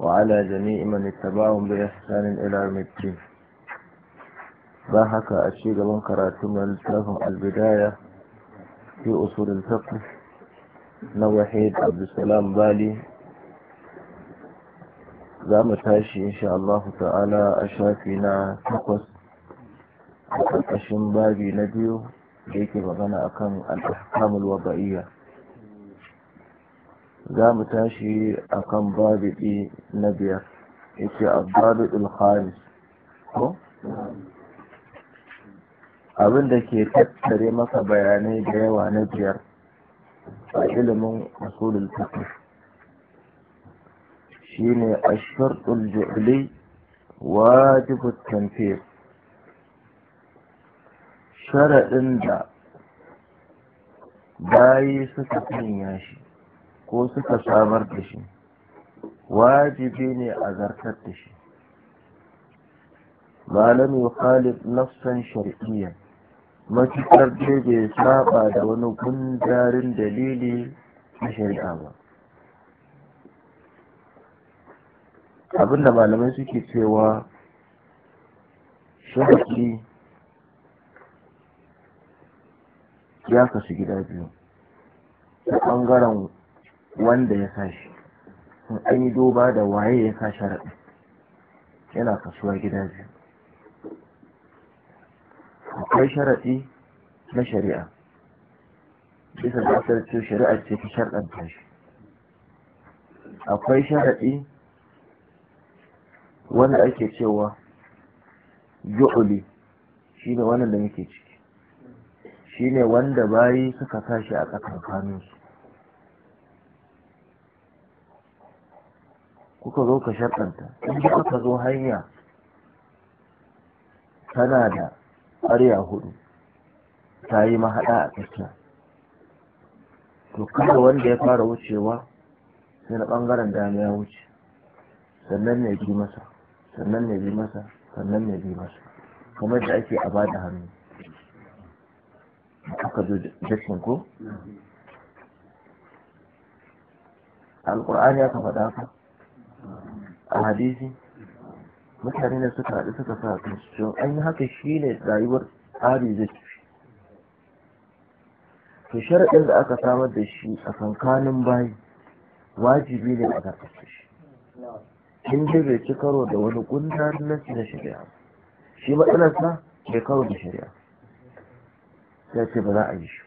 وعلى جميع من اتبعهم بإحسان إلى يوم الدين ضحك أشيد من كراتم لهم البداية في أصول الفقه نوحيد عبد السلام بالي za mu tashi insha Allah ta'ala a shafi na takwas a ƙarƙashin babi na biyu da yake magana akan al-ahkamul za mu tashi a kan babiɗi na biyar ya ce khalis ko abin da ke tattare maka bayanai da yawa na biyar a ilimin usulul shi ne a shirɗul ju'li wajibut tanfir sharaɗin da bayi suka sanya shi ko suka samar da shi wajibi ne a zartar da shi malam yukhalif nafsan shar'iyya matukar da bai saba da wani gundarin dalili na shari'a ba abinda malamai suke cewa sharaɗi ya kasu gida biyu ta ɓangaren wanda ya sa shi an yi duba da waye ya sa sharaɗi yana kasuwa gida biyu akwai sharaɗi na shari'a bisa da asar ce shari'a ce ta sharɗanta shi akwai sharaɗi wanda ake cewa jo'uli shi ne wannan da muke ciki shi ne wanda bayi suka sa shi a tsakankaninsu kuka zo ka shaɗanta in kuka zo hanya tana da ƙarya hudu ta yi mahaɗa a tsakiya to kada wanda ya fara wucewa sai na ɓangaren dama ya wuce sannan ne bi masa sannan ne bi masa sannan ne bi masa kamar da ake a bada hannu aka zo jashin ko alƙur'ani aka faɗa haka a hadisi mutane da suka haɗu suka sa kan su an yi haka shi ne rayuwar tsari zai tafi to sharaɗin da aka samar da shi a kankanin bayi wajibi ne a karɓar shi in dai bai ci karo da wani gundar nasi na shari'a shi matsalarsa bai karo da shari'a ya ce ba za a yi shi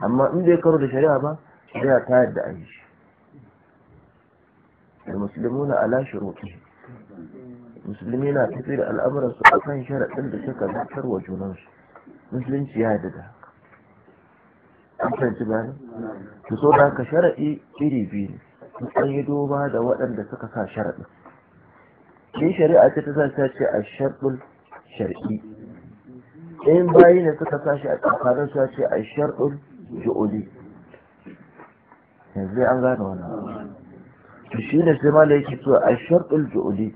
amma in bai karo da shari'a ba shari'a ta yadda a yi shi المسلمون على شروطهم musulmi na tafi da al'amuransu a kan sharaɗin da suka zartar wa junansu musulunci ya da da an fahimci bayanin to so da ka sharaɗi iri biyu ne an yi duba da waɗanda suka sa sharaɗin shi shari'a ce ta sa ce a sharɗin ɗayan bayi ne suka sa a tsakanin su ce a sharɗin yanzu an gane wannan to shi ne sai mala yake so a sharɗin ju'udi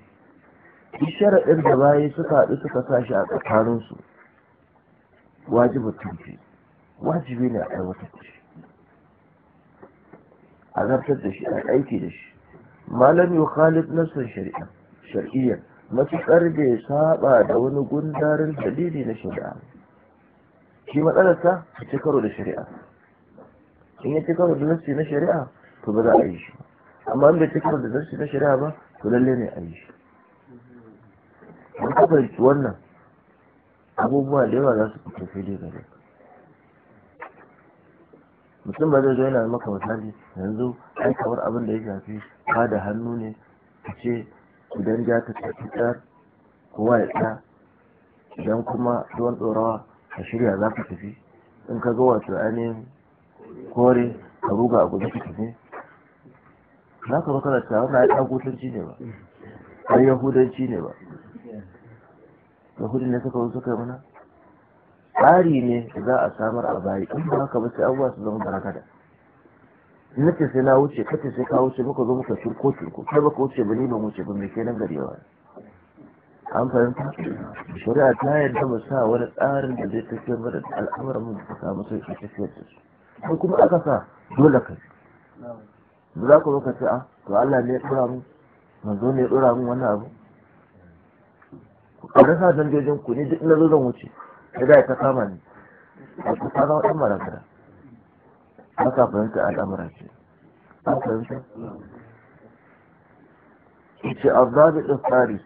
shi sharaɗin da bayi suka haɗu suka sa shi a tsakaninsu wajibu tunfi wajibi ne a aiwatar da shi a zartar da shi a aiki da shi malam yau khalid nasar shari'a shari'a matuƙar da ya saba da wani gundarin dalili na shari'a shi matsalarsa a ci karo da shari'a in ya ci karo da nasi na shari'a to ba za a yi shi ba amma in bai ci da da zarci na shari'a ba to lalle ne a yi shi an ka wannan abubuwa da yawa za su fito fili gare mutum ba zai zo yana maka misali yanzu ai kamar abin da ya shafi ba da hannu ne ka ce idan ja ta tafi tsar kowa ya idan kuma ruwan tsorawa ka shirya za ka tafi in ka ga wato ainihin kore ka ruga a guje ka tafi za ka baka da wannan ya ɗagutanci ne ba har yahudanci ne ba yahudin ne suka wuce kai mana tsari ne za a samar a bayi in ba haka ba sai abubuwa su zama barakada na ce sai na wuce kace sai ka wuce muka zo muka turko turko kai baka wuce ba ni wuce ba me kenan gari yawa an fahimta shari'a ta yarda mu sa wani tsarin da zai tafiyar mana da al'amuran mu da samu sauƙi tafiyar da su ko kuma aka sa dole kai ba za ku zo ka ce a ah, to Allah ne ya dora mu manzo ne ya dora mu wannan abu ku rasa dangajin ku ne duk na zo zan wuce sai da ta kama ni a ku ta zama ɗan maragara haka fahimta al'amura ce a fahimta ce azabi ɗin tsari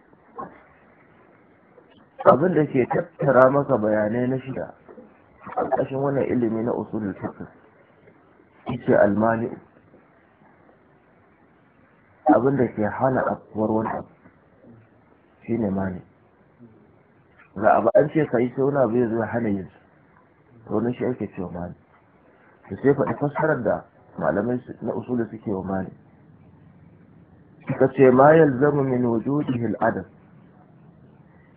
abin da ke tattara maka bayanai na shida a ƙarƙashin wannan ilimi na usulul fiqh ce almani'u abin da ke hana afuwar wani abu shi ne mani ga abu an ce ka yi sai wani abu ya zuwa hana yin to wani shi ake cewa mani su sai faɗi fassarar da malamai na usuli suke wa mani suka ce ma yalzamu min wujudihi al'adam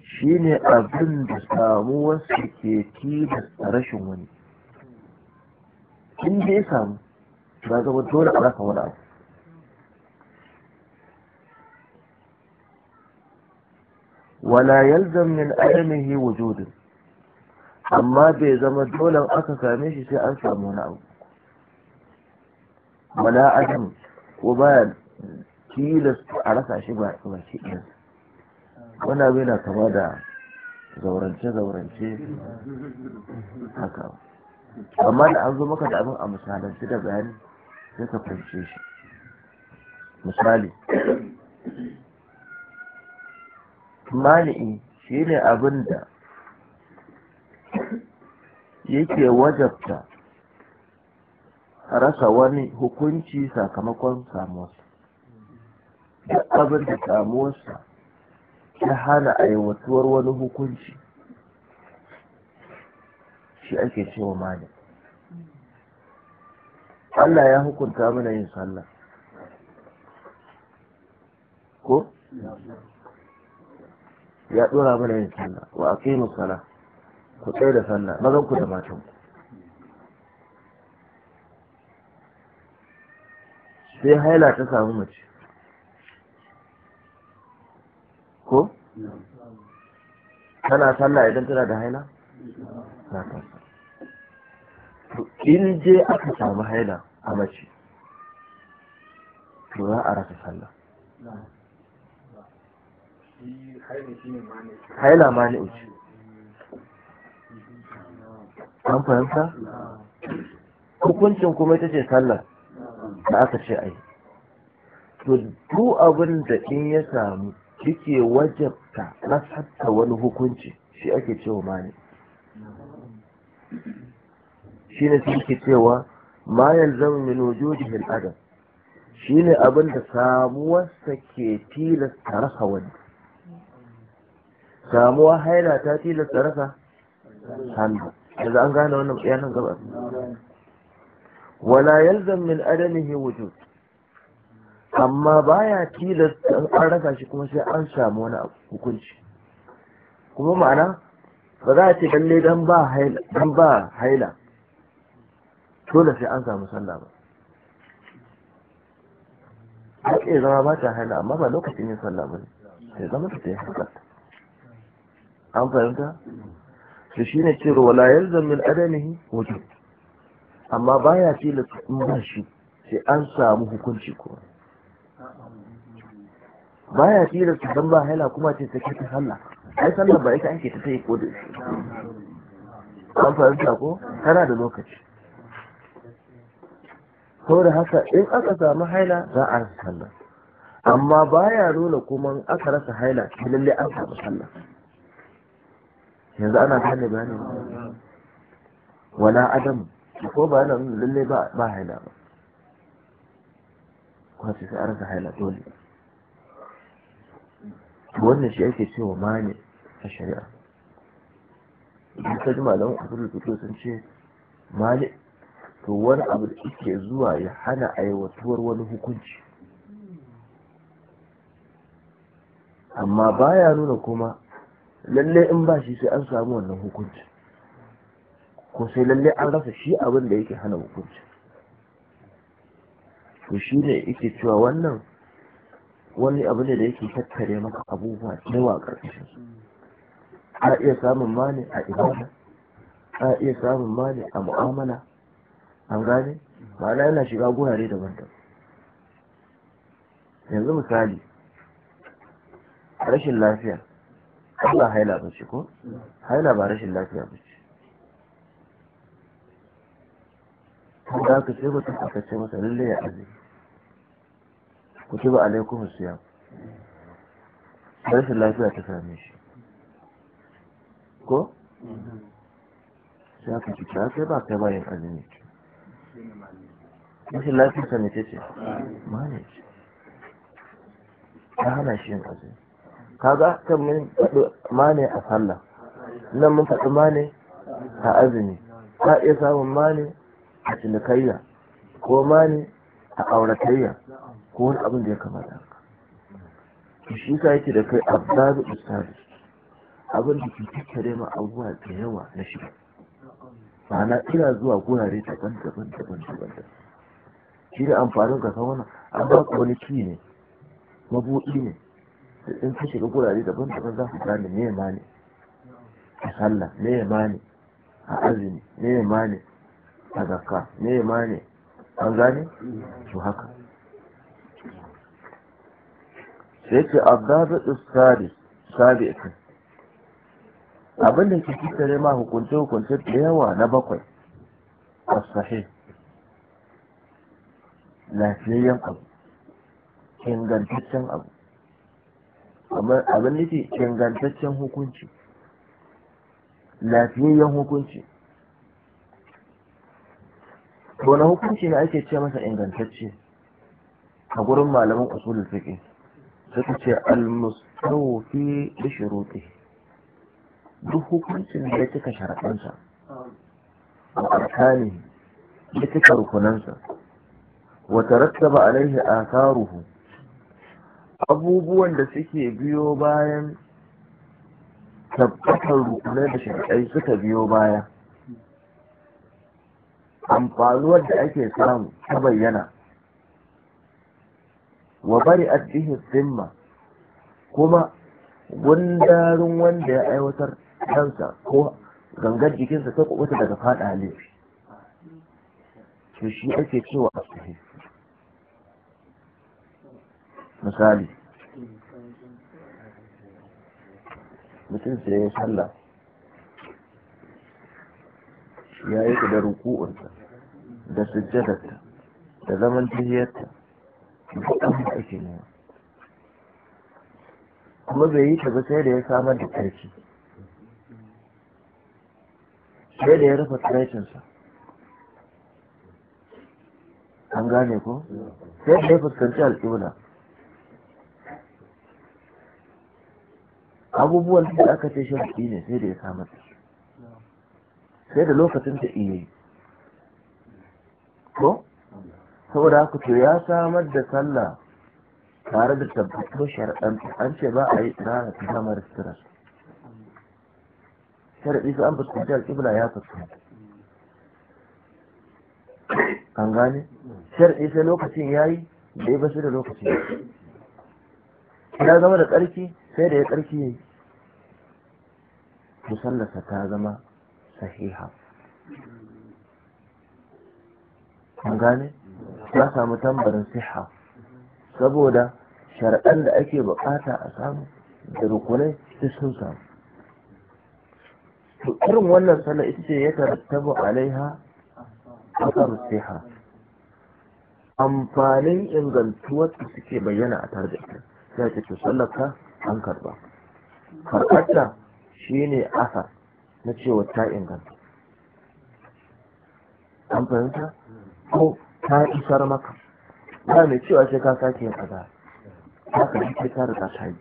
shine abin da samuwar su ke tilasta rashin wani in dai samu ba zama dole a rasa wani abu wala yalzam min adamihi wujudin amma bai zama dole aka same shi sai an samu wani abu wala adam ko baya tilas a rasa shi ba ba wani abu yana kama da zaurance-zaurance haka amma an zo maka da a misalanci da bayani sai ka fahimce shi misali mani'i shi ne abin da yake wajabta rasa wani hukunci sakamakon samuwarsa duk abin da samuwarsa ta hana aiwatuwar wani hukunci shi ake cewa mali. Allah ya hukunta mana yin sallah ko? ya dora mana yin sallah wa aqimu sana ku tsaya da sallah mazan ku da matan ku sai haila ta samu mace ko tana sallah idan tana da haila na kansa to in je aka samu haila a mace to za a rasa sallah haila mani'u ce an fahimta hukuncin kuma ita ce sallar da aka ce ai to duk abin da in ya samu kike wajabta na nasarta wani hukunci shi ake cewa mani shi ne suke cewa ma yalzamu min wujudihi al Shi ne abin da samuwarsa ke tilasta rasa wani samuwa haila ta tilasta rasa hannu yanzu an gane wannan bayanan gaba wala yalzam min adamihi wujud amma baya tilasta an rasa shi kuma sai an samu wani hukunci kuma ma'ana ba za a ce lalle dan ba haila dan ba haila dole sai an samu sallah ba Ake zama ba ta haila amma ba lokacin yin sallah ba ne sai zama ta yi haka an fahimta su shi ne cewa wala yalzam min adamihi wujud amma baya da in ba shi sai an samu hukunci ya baya da dan ba haila kuma ce ta ke ta sallah ai sallah ba ita ake ta sai ko da shi an fahimta ko kana da lokaci da haka in aka samu haila za a rasa sallah amma ya nuna kuma aka rasa haila lalle an samu sallah yanzu ana ta gane bayanin wala adam ko ba yana nuna lalle ba haila ba kwace sai a rasa haila dole wannan shi ake cewa mani a shari'a idan ka ji malamin usulul fiqh sun ce mani to wani abu da yake zuwa ya hana aiwatuwar wani hukunci amma baya nuna kuma lalle in ba shi sai an samu wannan hukunci ko sai lalle an rasa shi abin da yake hana hukunci to shi ne yake cewa wannan wani abu ne da yake tattare maka abubuwa da cewa ƙarƙashin a iya samun mani a ibada a iya samun mani a mu'amala an gane ma'ana yana shiga gurare daban-daban yanzu misali rashin lafiya Allah haila ba shi ko haila ba rashin lafiya ba Kan da aka ce ta aka ce masa lalle ya azumi ku ce ba alaikum siyam rashin lafiya ta same shi ko sai aka ci ta kai ba kai ba yin azumi rashin lafiya ta ne ce ce ma ne ce ta hana shi yin azumi kaga kan mun faɗi mane a sallah nan mun faɗi mane a azumi ka iya samun mane a cinikayya ko mane a auratayya ko wani abin da ya kamata shi sa yake da kai abdalu ustadi abin da ke tattare ma abubuwa da yawa na shi ma'ana ina zuwa gurare daban daban daban daban shi da amfanin ka san wannan an ba ka wani ki ne mabuɗi ne in ka shiga gurare daban daban za su gane me ma ne a sallah me ma ne a azumi me ma ne a zakka me ma ne an gane su haka sai ce abdadu sadi sadi kan abin da ke tattare ma hukunce hukunce da yawa na bakwai a sahi lafiyayyen abu ingantaccen abu abin nufi ingantaccen hukunci lafiyayyen hukunci wani hukunci ne ake ce masa ingantacce a gurin malaman usulul fiqh suka ce al-mustawfi bi shuruti duk hukuncin da cika sharaɗansa wa arkani da cika rukunansa wa tarattaba alaihi atharuhu abubuwan da suke biyo bayan tabbatar rukunai da shirkai suka biyo baya amfaluwar da ake samu ta bayyana wa bari bihi zimma kuma gundarin wanda ya aiwatar kansa ko gangar jikinsa ta kubuta daga fada ne to shi ake cewa a misali mutum sai ya sallah ya yi da ruku'unta da sujjadarta da zaman tijiyarta da ɗan ake ne kuma bai yi ta ba sai da ya samar da ƙarfi sai da ya rufe tsiraicinsa an gane ko sai da ya fuskanci al'ula abubuwan da aka ce shafi ne sai da ya samu sai da lokacin ta iya yi ko saboda haka to ya samar da sallah tare da tabbatar shari'an an ce ba a yi tsara ta da sitira shari'i su an fuskanci alƙibla ya fuskanci an gane shari'i sai lokacin ya yi da ya basu da lokacin ya zama da ƙarfi? sai da ya ƙarfi ya yi to ta zama sahiha kun gane ta samu tambarin siha saboda sharaɗan da ake bukata a samu da rukunai su sun samu irin wannan sana ita ce ya tarattabu alaiha akar siha amfanin ingantuwar da suke bayyana a tare Ya ce sallar ka an karba karɓar shi ne asa na cewa ta inganta an fahimta ko ta isar maka ba mai cewa sai ka sake yin azara ta ka shi ta riga ta yi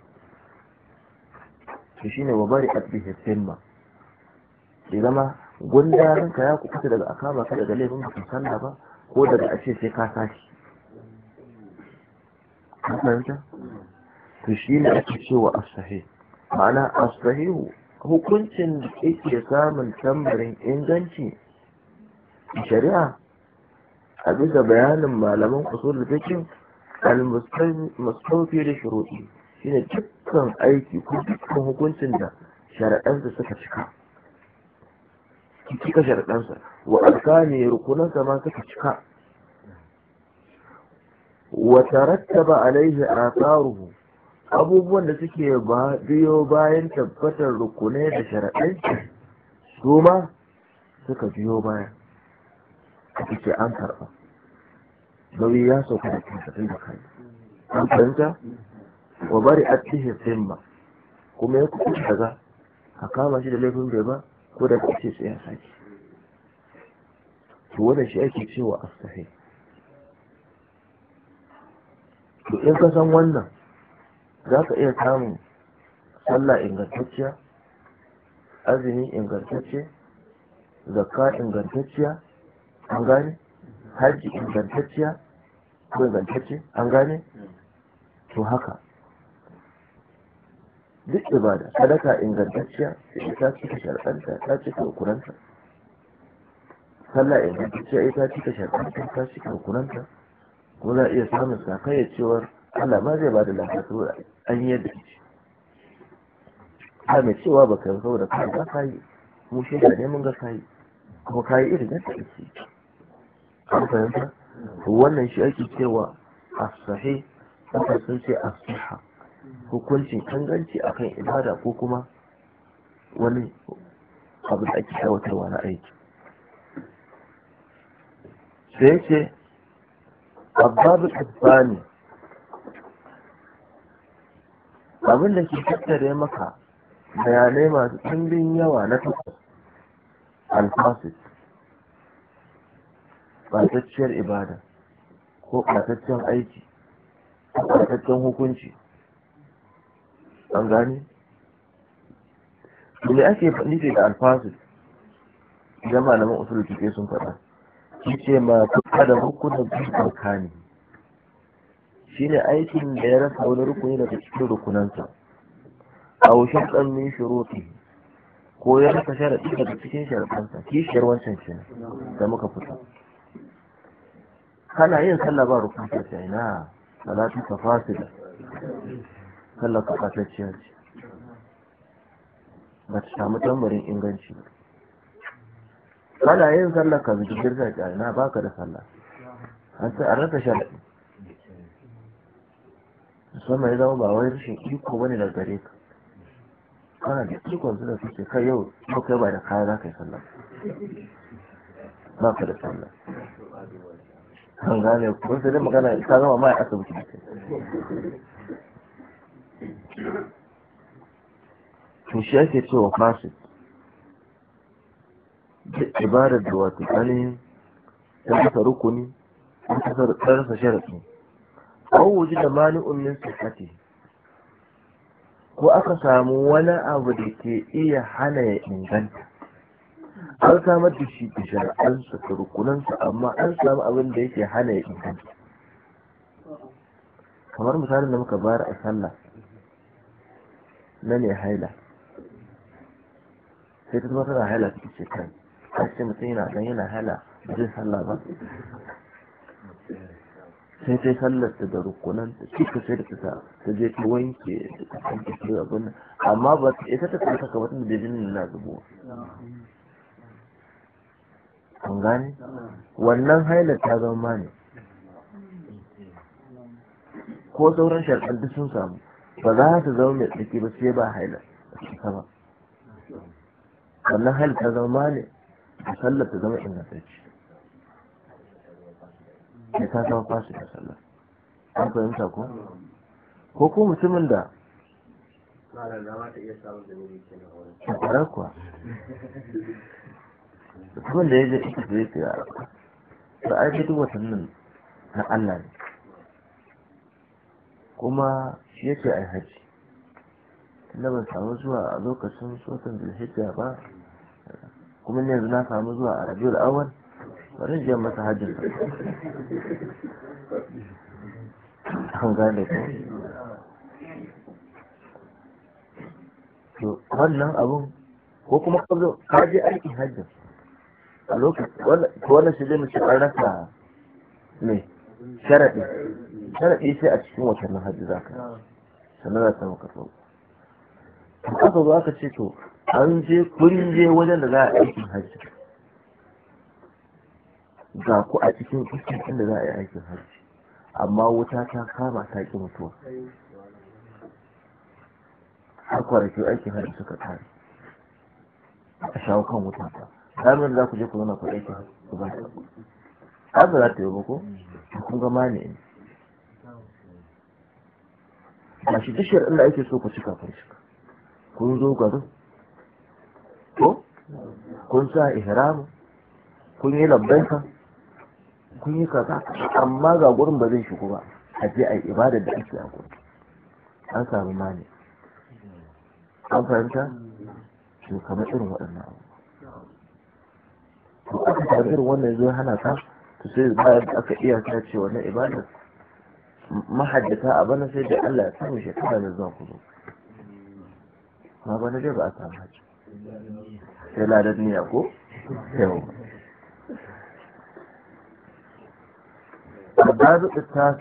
to shi ne wa bari a bihe filma ya zama gundarinka ya kuka daga akama ka daga laifin ka sallah ba ko daga a ce sai ka sake an fahimta to shi ne ake cewa asahi ma'ana asahihu hukuncin da yake samun tambarin inganci shari'a a bisa bayanin malaman usul fikin al mustafi da shuruɗi shine dukkan aiki ko dukkan hukuncin da shari'ansa suka cika cika shari'ansa wa alkani rukunansa ma suka cika wa tarattaba alaihi atharuhu abubuwan da suke biyo bayan tabbatar rukunai da sharaɗai su ma suka biyo bayan a cikin an karɓa nauyi ya sauka da kasafin da kai an fahimta wa bari a cikin simba kuma ya kuɗi daga a kama shi da laifin bai ba ko da kace sai ya sake to wanda shi ake cewa astahi to in ka san wannan za ka iya samun sallah ingantacciya azumi ingantacce zakka ingantacciya an gane hajji ingantacciya ko ingantacce an gane to haka duk ibada sadaka ingantacciya sai ta cika sharɗanta ta cika sallah ingantacciya ita cika sharɗanta ta cika hukuranta ko za a iya samun sakayyar cewar Allah ma zai ba da lafiya saboda an yi da ce a mai cewa ba kai saboda kai ba ka yi mu shi da ne mun ga kai kuma kai irin yadda kake an fahimta to wannan shi ake cewa as-sahih haka sun ce as-sihha hukuncin kanganci akan ibada ko kuma wani abu da ake aiwatarwa na aiki sai ce abbabu tsani abin da ke tattare maka bayanai masu ɗimbin yawa na takwas alfasit ɓatacciyar ibada ko ɓataccen aiki ko ɓataccen hukunci an gani? me ake nufi da alfasit jama'a na usul ke sun faɗa shi ce ma kuka da hukunan biyu ne Shi ne aikin da ya rasa wani rukuni daga cikin rukunansa a shartan min shuruti ko ya rasa sharaɗi daga cikin shi kishiyar wancan ce da muka fita kana yin sallah ba rukun ta shi na, salatu ta da sallah ta kasacciya ce ba ta samu tambarin inganci kana yin sallah ka zuci girka Na ba baka da sallah an sai a rasa sharaɗi musamman ya zama ba wai rashin iko bane da gare ka kana da ikon da suke kai yau yau kai ba da kaya za ka yi sallah ba ka da sallah an gane ko sai dai magana ta zama ma asibiti da kai to shi ake cewa fasid da ibadar da wato ainihin ta rukuni ta rasa sharaɗi ko wuji da mani'un min sihhati ko aka samu wani abu da ke iya hana ya inganta an samar da shi da shar'ansa da rukunansa amma an samu abin da yake hana ya inganta kamar misalin da muka bayar a sallah na ne haila sai ta zama tana haila cikin shekaru a ce mutum yana dan yana haila da zai sallah ba sai sai sallar da rukunan ta kika sai da ta ta je ta wanke ta kanta ta abin amma ba ita ta tsaka ka wata da jinin na zubo an gane wannan hailar ta zama ne ko sauran sharɗan duk sun samu ba za ta zama mai tsaki ba sai ba hailar ba wannan hailar ta zama ne a sallar ta zama ingantacce da ta zama fashi da sallah an fahimta ko ko ko mutumin da shakarar kuwa mutumin da ya je ita da ya ce a da aiki duk watannin na Allah ne kuma shi yake yi haji tunda ban samu zuwa a lokacin sosan zulhijja ba kuma ne yanzu na samu zuwa a rabiul awal bari masa hajjin an gane ko wannan abun ko kuma ka kaji aikin hajjin a lokacin wannan shi zai mace ƙarnasa ne sharaɗi sharaɗi sai a cikin watannin hajji za ka sannan za ta maka Kuma to aka zo aka ce to an je kun je wajen da za a aikin hajji ga ku a cikin iskin inda za a yi aikin hajji amma wuta ta kama ta ƙi mutuwa har kwanaki aikin hajji suka tare a shawo kan wuta ta ranar za ku je ku zama ku aikin hajji ku ba ta har ba za ta yi ba ko kun ga mani ne a shi duk inda ake so ku cika kun cika kun zo garin ko kun sa ihramu kun yi labbaika kun yi kaza amma ga gurin ba zai shigo ba a je a yi ibadar da ake a gurin an samu mani an fahimta to kamar irin waɗannan abu to aka ta irin wannan zai hana ta to sai bayan aka iya ta ce wannan ibadar mahaddata a bana sai da Allah ya samu shekara da zuwa ku ma bana dai ba a samu haji sai ladan niyya ko yawa الباب التاسع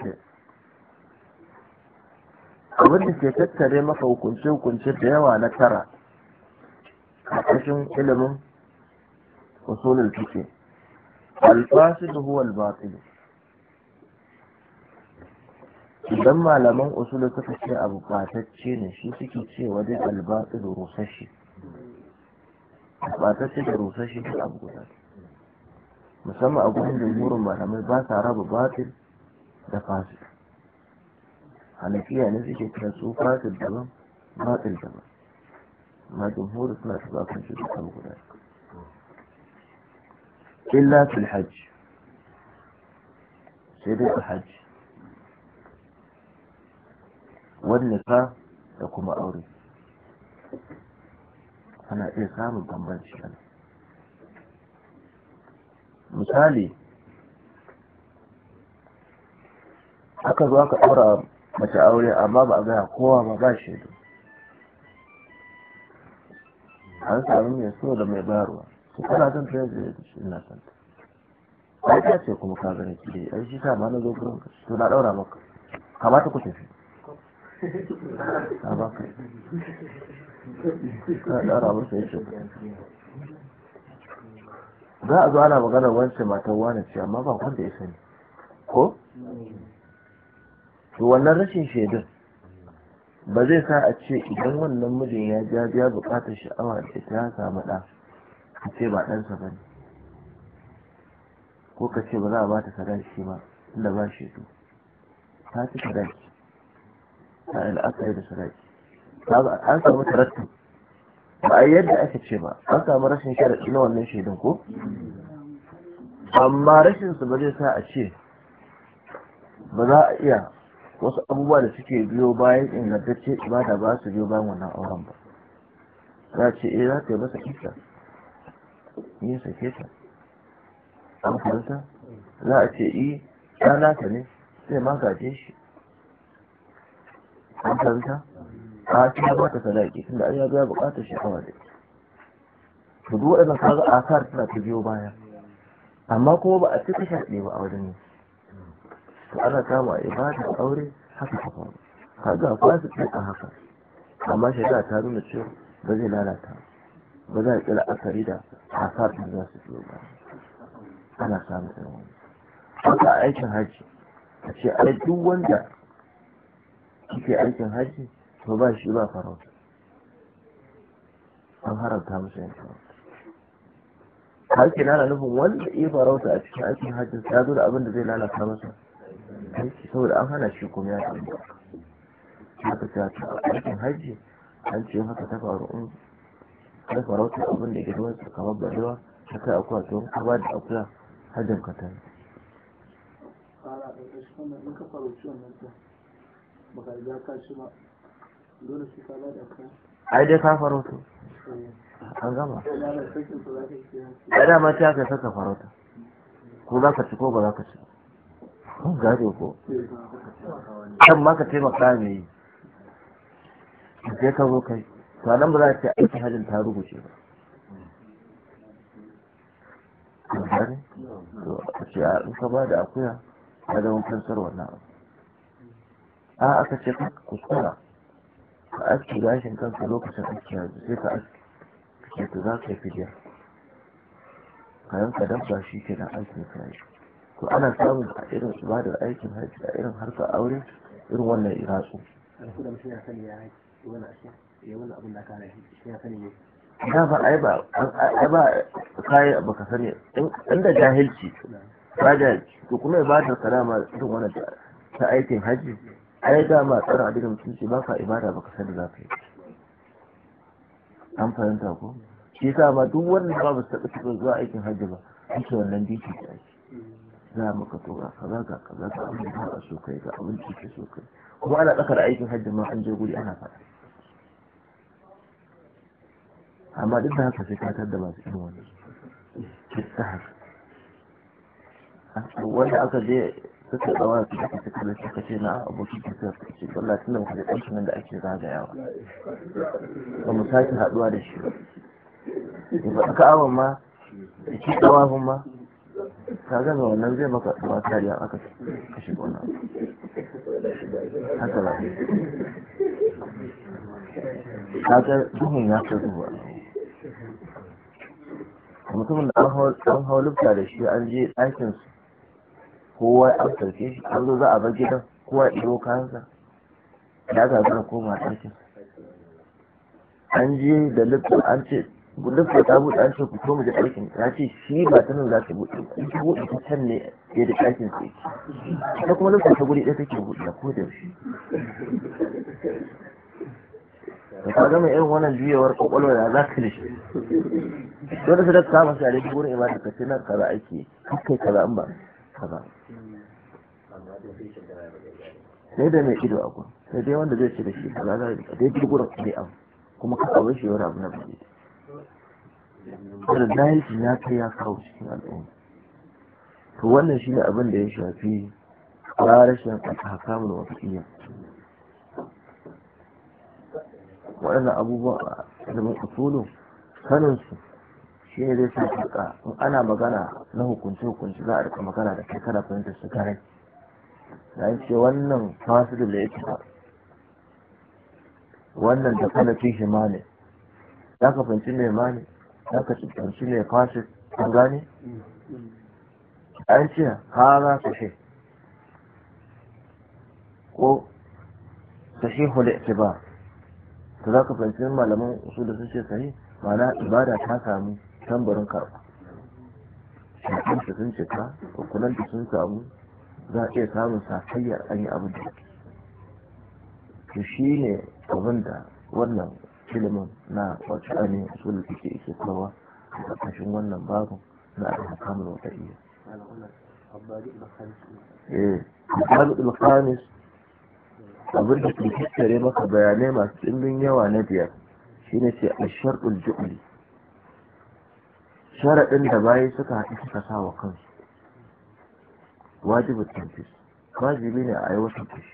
abin da ke tattare maka hukunce-hukunce da yawa na tara a cikin ilimin usulul fiqh al da huwa al-batil idan malaman usulu suka ce abu batacce ne shi suke cewa wajen al-batil rusashi batacce da rusashi da abu gudanar musamman a gurin jumhurin malamai ba sa raba batil da fasil hanafiya ne suke kira su fasil daban batil daban amma jumhurin suna shiga kan shi da guda illa fil hajj sai dai a hajj wani fa da kuma aure ana iya samun bambanci a nan misali aka zo aka ɗora mace aure amma ba a gaya kowa ba ba shaidu an sami mai so da mai bayarwa su kana son ta da ya shi ina son ta ai ta ce kuma ka gani ki dai ai shi sa ma na zo gurin ka to na ɗaura maka kamata ku tafi ta ba ka ka ɗaura masa ya ce za a zo ana magana wancan matan wane ce amma ba da ya sani ko to wannan rashin shaidun ba zai sa a ce idan wannan mijin ya ja ya bukatar sha'awa da ita ya samu ɗa ka ce ba ɗansa ba ne ko ka ce ba za a ba ta sadaki ba inda ba shi to ta ci sadaki ta al'asari da sadaki an samu tarattu ba a yadda aka ce ba an samu rashin sharaɗi na wannan shaidan ko amma rashin su ba zai sa a ce ba za a iya wasu abubuwa da suke biyo bayan ingantacce ibada ba su biyo bayan wannan auren ba za ce eh za ta yi masa isa yin ke ta an fahimta za a ce i eh, ɗana ka ne sai ma gaje shi an fahimta a ta bata ta sadaki tunda ai ya ga bukatar sha'awa da to duk waɗannan kaga asar tana ta biyo baya amma kuma ba a cika shaɗe ba a wajen ne to ana kama ibada aure haka ta faru kaga kwasu ce a haka amma shari'a ta nuna cewa ba zai lalata ba za a kira asari da asar da za su biyo baya ana samun irin wani haka aikin hajji a ce ai duk wanda kike aikin hajji to ba shi ba farauta an haramta masa yin farauta haƙƙi na nufin wanda iya farauta a cikin aikin hajjin ya zo da abin da zai lalata masa aiki saboda an hana shi kuma ya samu haka ta ta aikin hajji an ce haka ta faru in kai farauta abin da ke ruwan su kamar barewa ta kai akuya to ka ba da akuya hajjin ka ta ba. ai dai ka farauta an gama ya dama ta ka saka farauta ko za ka ci ko ba za ka ci kun gane ko kan ma ka taimaka me yi sai ka zo kai to nan ba za ka ce aiki hajjin ta rubuce ba kun gane to a ce a ka ba da akuya a zama kansar sarwa na a aka ce kuskura ka aski gashin kanka lokacin aski yanzu sai ka aski kake to za ka yi fidya ka yanka dabba shi ke nan aikin ka to ana samun a irin ibadar aikin hajji a irin harkar aure irin wannan iratsu da ba ai ba ai ba kai ba ka sani inda jahilci ba da to kuma ibadar kalama irin wannan ta aikin hajji ai dama a dukkan addinin musulunci ba ka ibada ba ka sani za ka yi an fahimta ko shi sa ma duk wannan ba ba su taɓa taɓa zuwa aikin hajji ba ake wannan dinki ta ake za mu ka tura kaza ga kaza ga abin da ba so kai ga abin da ke so kai kuma ana tsakar aikin hajji ma an je guri ana faɗa amma duk da haka sai ka tar da masu irin wannan duk haka wanda aka je suka tsawa su suka suka da suka ce na abokin ta suka ce wallah tun da muka ɗansu nan da ake zagayawa ba mu sake haɗuwa da shi ba ba faɗi awon ma da shi tsawafin ma ka gaza wannan zai maka ɗuwa kariya aka kashe gona haka ba ka ga duhun ya ta zuwa mutumin da an hau lufta da shi an je ɗakinsu kowa ya sauke shi an zo za a bar gidan kowa ya ɗiro kayansa ya zuwa koma ɗakin an je da lifta an ce lifta ta buɗe an ce ku koma da ɗakin ya ce shi ba ta nan za ta buɗe in ta buɗe ta can ne ya da ɗakin su yake ta kuma lifta ta guri ɗaya take buɗe a da yaushe da ka gama irin wannan juyawar kwakwalwa da za ka da shi dole su da kama shi a rikin gurin ibada ka ce nan kaza ake kai kaza in ba kaza sai da mai ido a sai dai wanda zai ce da shi kaza za a dai gurin kare abu kuma ka kawo shi wani abu na bude da dahilci ya kai ya kawo cikin al'umma to wannan shi ne abin da ya shafi a rashin alhakamun iya. waɗannan abubuwa a ilimin usulun saninsu shi ne zai sa in ana magana na hukunci hukunci za a rika magana da kai kana fahimtar su kare da ce wannan fasirin da ya ba wannan da kana fi shi ma ne za ka fahimci mai ma ne za ka fahimci mai fasid an gane an ce ha za su shi ko sahihu da ba to za ka fahimci malaman su da su ce sahih ma'ana ibada ta samu tambarin karɓa su sun cika da sun samu za a iya samun sakayyar an yi abin da to shi ne abin da wannan ilimin na wacce ne sulu da ke ike kawa a ƙarƙashin wannan babu na kan kamar wata iya eh ilkhamis abin da ke tattare maka bayanai masu tsimbin yawa na biyar shine ce a sharɗul ju'li sharaɗin da bayi suka haɗu suka sa wa kansu wajibin tamfis wajibi ne a yi da shi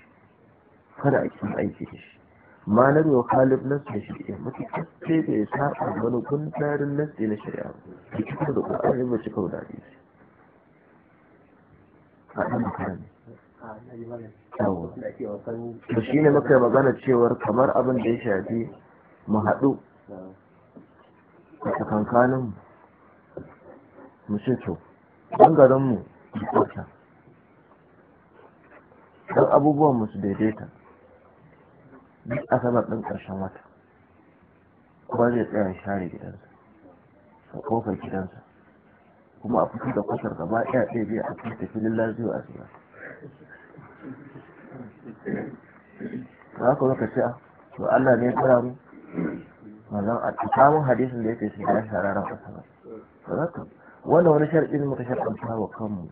kada a cikin aiki da shi manar wa kalib nas da shari'a matuƙar ce da ya saba wani gundarin na da na shari'a da cikin da ƙoƙarin ba cika da hadisi a ɗan makara ne to shi ne muka magana cewar kamar abin da ya shafi mu haɗu a tsakankaninmu mu ce Ɗan don garinmu mu kyauta don abubuwan su daidaita duk asabar ɗin ƙarshen wata kuma zai tsaya share gidansa a ƙofar gidansa kuma a fito da kwasar gaba ɗaya ɗaya biya a cikin filin laziyo a zuwa za ka zaka ce ah, to Allah ne ya kira mu Wannan a cikin hadisin da yake shi da shararan asabar ba za ka wannan wani sharɗi muka sharɗanta wa kanmu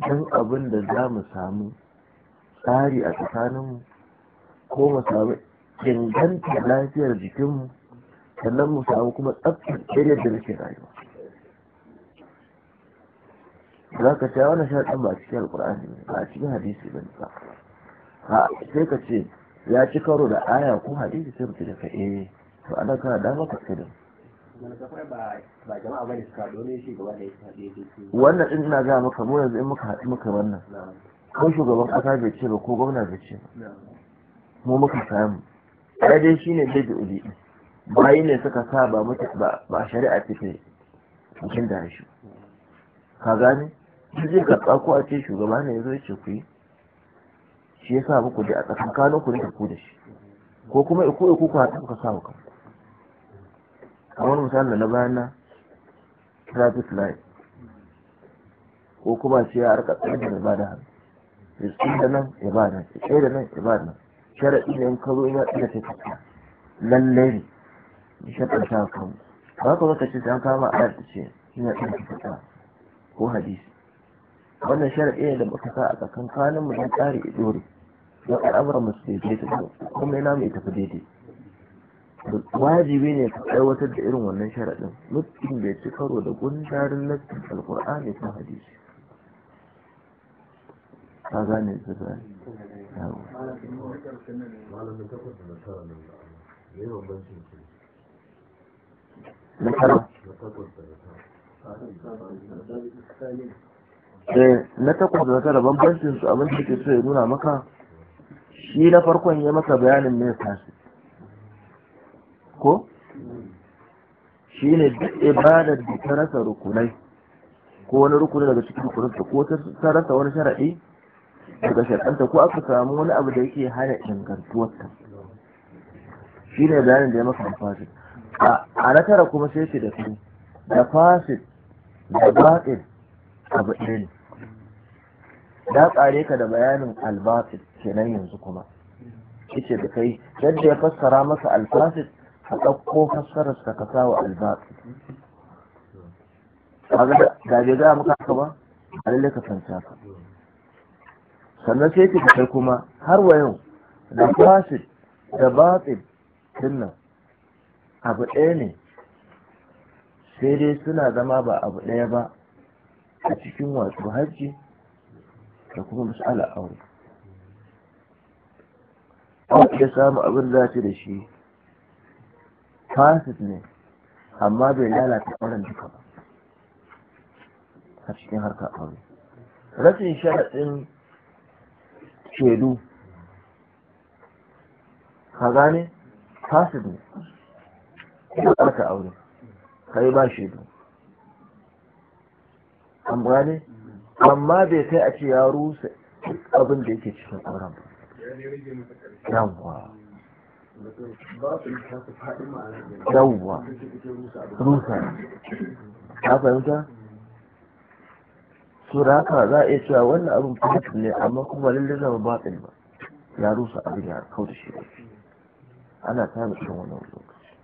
don abin da za mu samu tsari a tsakaninmu ko mu samu inganta lafiyar jikinmu sannan mu samu kuma tsaftar ɗaya da muke rayuwa za ka ce wani sharɗin ba a cikin alƙur'ani ne ba a cikin hadisi ba ne ba sai ka ce ya ci karo da aya ko hadisi sai mutum da ka eh to ana kana damar ka kai da wannan in ina gaya maka mu yanzu in muka haɗu muka wannan ko shugaban ƙasa bai ce ba ko gwamna bai ce ba mu muka samu sai dai shine dai da uli bayi ne suka sa ba ba shari'a ce ta cikin da shi ka gane shi zai karɓa ko a ce shugaba ne ya zo ya ce ku yi shi ya sa muku da a tsakankanin ku ne ku da shi ko kuma iku iku ku haɗu kuka sa ku a wani misali da na bayan na traffic light ko kuma sai ya harka tsaye da ba da hannu ya tsaye da nan ya ba da ya tsaye da nan ya ba da nan sharaɗi ne in ka zo ina ɗaya ta tafiya lallai ne da shaɗar ta kawo ba ka zaka ce an kama a yadda ce ina ɗaya ta tafiya ko hadisi wannan sharaɗi ne da muka sa a tsakankanin mu don tsari ya dore don al'amuran mu su daidaita kuma ina mai tafi daidai wajibi ne ka aiwatar da irin wannan sharaɗin mutum bai ci karo da gundarin lattin alƙur'ani, ko hadisi ka gane ta gane eh, na takwas da tara bambancin su abin da ke so ya nuna maka shi na farkon ya maka bayanin mai tashi ko shi ne duk ibadar da ta rasa rukunai ko wani rukuni daga cikin ta ko ta rasa wani sharaɗi daga shaɗanta ko aka samu wani abu da yake hana ingantuwar shi ne bayanin da ya maka amfani. a na tara kuma sai ce da su da fasid da batin abu ɗaya ne da tsare ka da bayanin albatin kenan yanzu kuma yace da kai yadda ya fassara masa alfasid ka ɗauko fassararsa ka kasa wa albaɗi kaga da bai gaya maka ka ba a lalle ka fanta ka sannan sai ki kai kuma har wa yau da fasid da tun dinnan abu ɗaya ne sai dai suna zama ba abu ɗaya ba a cikin wato hajji da kuma mas'ala aure. Awa iya samu abin zaci da shi fasit ne amma bai lalata auren duka ba a cikin harka aure rashin sharaɗin shaidu ka gane fasit ne ina ɓata aure Ka yi ba shaidu an gane amma bai kai a ce ya rusa abin da yake cikin auren ba yawwa yawwa rusa ka fahimta Su da haka za a iya cewa wannan abin fahatin ne amma kuma lalle zama batsin ba ya rusa abin ya kauta shi ana samun irin wannan lokaci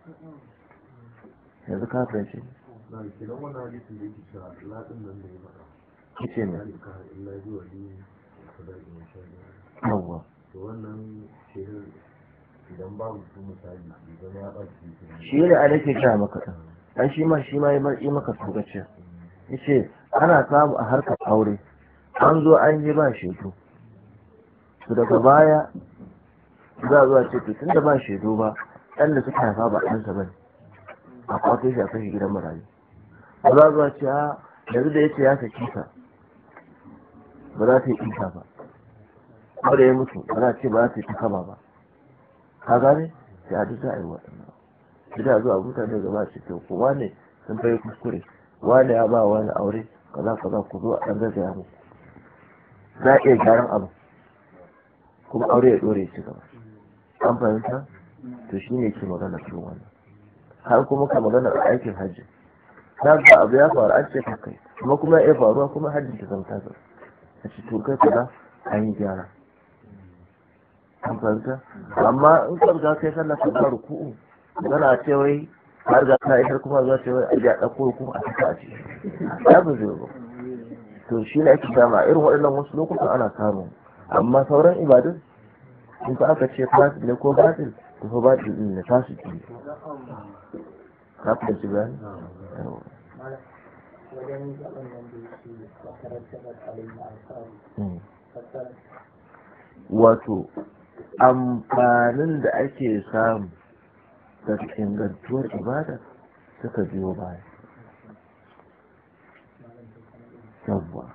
yanzu ka fahimci kice ne yawwa idan babu su misali idan ya ɓaci shi ne a nake gaya maka dan shi ma shi ma ya bar maka tsokaci yace ana samu a harkar aure an zo an yi ba shedu to daga baya za a zuwa ce to tunda ba shedu ba ɗan da suka haifa ba ɗansa ba ne a kwato shi a kashe gidan marayu za a zuwa ce a ah, yanzu da yace ya saki ka ba za ta yi isa ba ko da ya mutu ba za a ce ba za ta yi ta kama ba ka gane sai a duk za a yi waɗannan gida zuwa mutane gaba su kyau ko wane sun bai kuskure wane ya ba wani aure kaza kaza ku zo a ɗan gaza muku za a iya gyaran abu kuma aure ya ɗore ci gaba an fahimta to shi ne ke magana kan wannan har kuma ka magana a aikin hajji na ga abu ya faru an ce ka kai kuma kuma ya faruwa kuma hajjin ta zama ta zama a ci kai kai kaza an yi gyara an amma in ka riga kai sallah ka ba ruku'u kana cewai wai ka riga ka yi kuma za ce wai a ji a ɗauko ruku'u a saka a ce ya ba zai ba to shi ne ake dama irin waɗannan wasu lokutan ana samu amma sauran ibadun in ka aka ce fasil ne ko batil to fa batil ne fasil ne ka fahimci da yake wakarar taɓar a wato amfanin da ake samu daga ingantuwar ibada suka biyo baya yawwa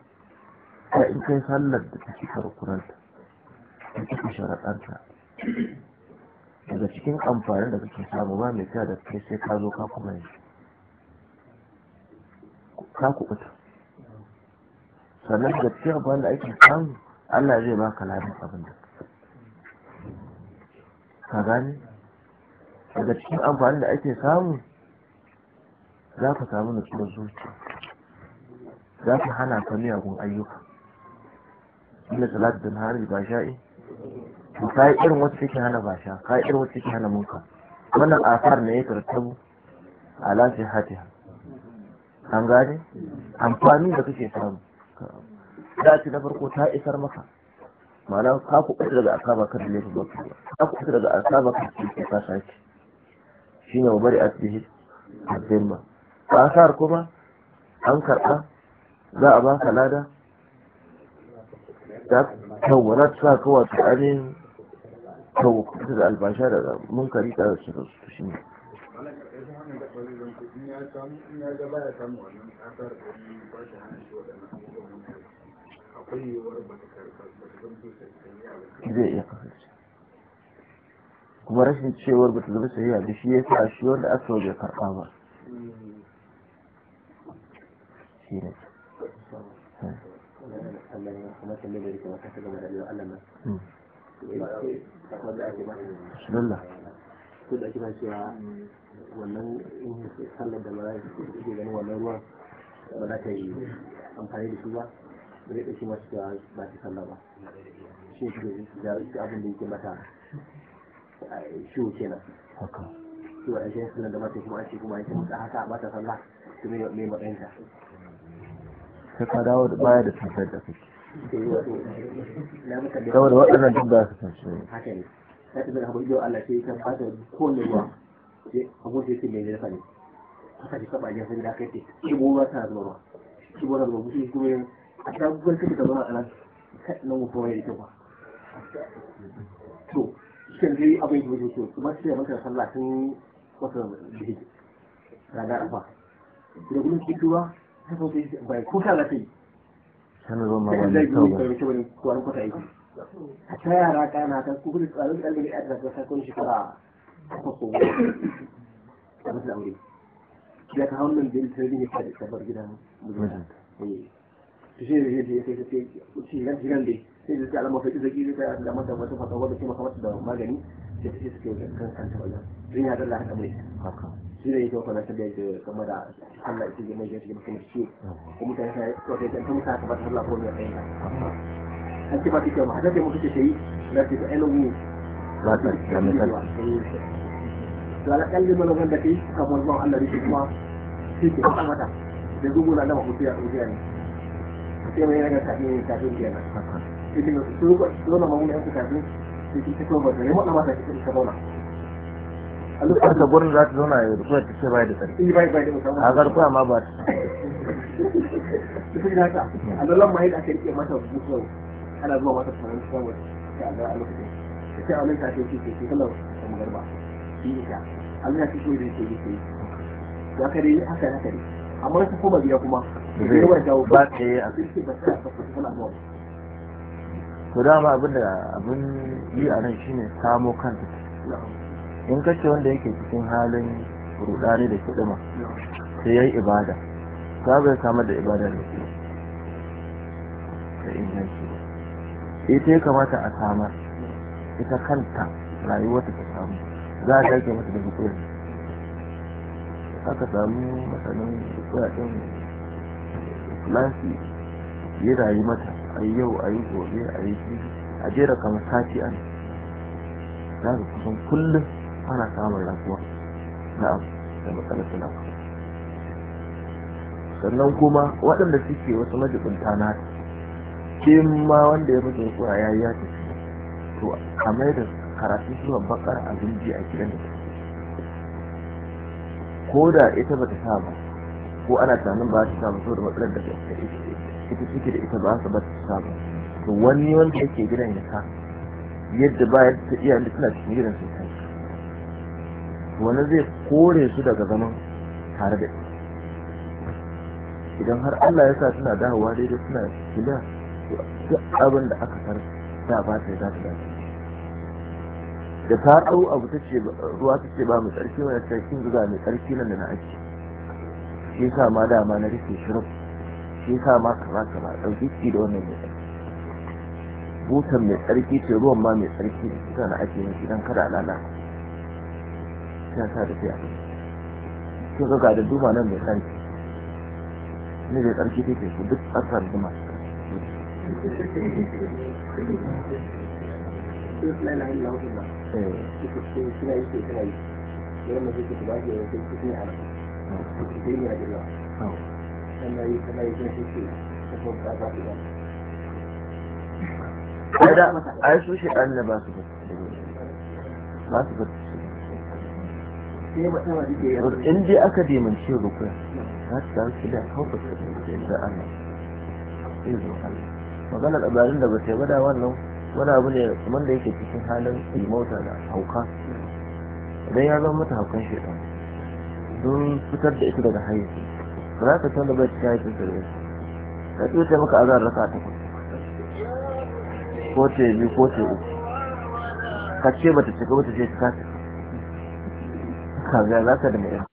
ta in kai sallar da ta cika rukunanta ta cika sharaɗanta daga cikin amfanin da kake samu ba mai kyau da kai sai ka zo ka kuma yi ka kuɓuta sannan da cikin amfanin da ake samu Allah zai baka labin abin da ka ka gane daga cikin amfanin da ake samu za ka samu cikin zuciya za ka hana ka miyagun ayyuka ila salatu da nahari ba sha'i ka yi irin wacce take hana ba sha ka yi irin wacce take hana munka wannan Afar ne ya tartabu a sai hatiha an gane amfani da kake samu da na farko ta isar maka ma'ana ka kuɓuta daga asaba kan laifin ba ka kuɓuta daga asaba kan cikin ka sake shi ne wa bari asibihi a zirma ba asar kuma an karɓa za a baka lada ta kyau na ta ka wato ainihin da albasha daga munkari da shi da su shi ne ya samu ya ga baya samu wannan asar da ba shi kusa shi waɗannan abubuwan zai iya kuma rashin cewar ba ta zama sahiha da shi ya sa shi wanda aka wajen karɓa ba shi ne wannan da ta yi amfani da shi ba ba ɗauki da ba ta ba shi ne da abin da yake mata shi da mata kuma ce kuma yake mata haka ba ta su mai sai ka dawo da baya da da kake eh, saboda waɗannan duk ba su san shi haka ne ta tafi da haɓar Allah sai ta fata kowane ruwa abun da yake mai zarafa ne haka ne kaɓa ne sai da kai ce ta zuwa ruwa ta zuwa kuma ta da a nan ya ita ba to abin da kuma sallah tun wata bihi rana da ta ta bai ko ta lafi sanar ba a ta yara kana ta kuma da tsarin ya kun shekara ko a masu aure ya hannun da ya ta ta da sabar gidan mutum shi nan jiran dai sai da suka alama da magani ta ya da ba ba ba sai mai yana kafin kafin kenan sai kina su su na mamu yanku kafin sai kika so ba da mu da mata ka bona? a lokacin da gurin za ta zauna ya rufe ta ce bai da tsari eh, bai bai da musamman a garkuwa ma ba ta duk da haka a lallan mai da aka rike mata musu ana zuwa mata faran samu ta a lokacin a lokacin ta ce ce ce kallon magarba shi ita Allah ya ci shi da yake yake ya kare haka haka ne amma su kuma kuma ba ta yi a to dama abin da abin yi a nan shine samo kanta in kace wanda yake cikin halin rudani da kidima sai yayi ibada ka ga samar da ibada ne ta inganci ita ya kamata a samar ita kanta rayuwarta ta samu za a dage mata da hukumar aka samu masanin kuɗaɗen ikilasi ya rayu mata a yi yau a yi gobe a yi shi a jera kamar sati an za ka kusan kullum ana samun rasuwa na abu da matsalar talafa sannan kuma waɗanda suke wasu majibinta na ke ma wanda ya mutu kuwa ya yi ya tafi to a mai da karatu zuwa bakar abin ji a gidan da ko da ita ta sa ba ko ana tunanin ba ta sa ba saboda matsalar da ita ciki da ita ba su ba ta sa ba to wani wanda yake gidan ya sa yadda ba ya ta iya da tana cikin gidan sai ta wani zai kore su daga zaman tare da ita idan har Allah ya sa tana dawowa daidai suna kila duk abin da aka sarrafa ba ta za ta dace da ta ɗau abu ta ce ruwa ta ce ba mu tsarki wani tsarkin zuga mai tsarki nan da na ake shi yasa ma dama na rike shirin shi sa ma kaza kaza ɗauki ki da wannan mai tsarki butan mai tsarki ce ruwan ma mai tsarki ne ita na ake yin gidan kada lala ta sa da fiya ta ga ga da duma nan mai tsarki ne da tsarki take su duk tsarkar duma sai la ilaha illa hu ba suna yi sai suna yi sai mu sai kuma ke sai su ne ala sai ne ajira kana yi kana yi sai sai ta su da ba su ba ba su in aka Allah Allah maganar abarin da yi ba da wannan wani abu ne kamar da yake cikin halin imota da hauka idan ya zama mata haukan shaitan don fitar da ita daga hayyaci ba za ka canza bai cikin hayyacin sa Ka ta tsaye maka azar raka takwas ko ce biyu ko ce uku ka ce bata cika bata ce ta ka ga za ka da mai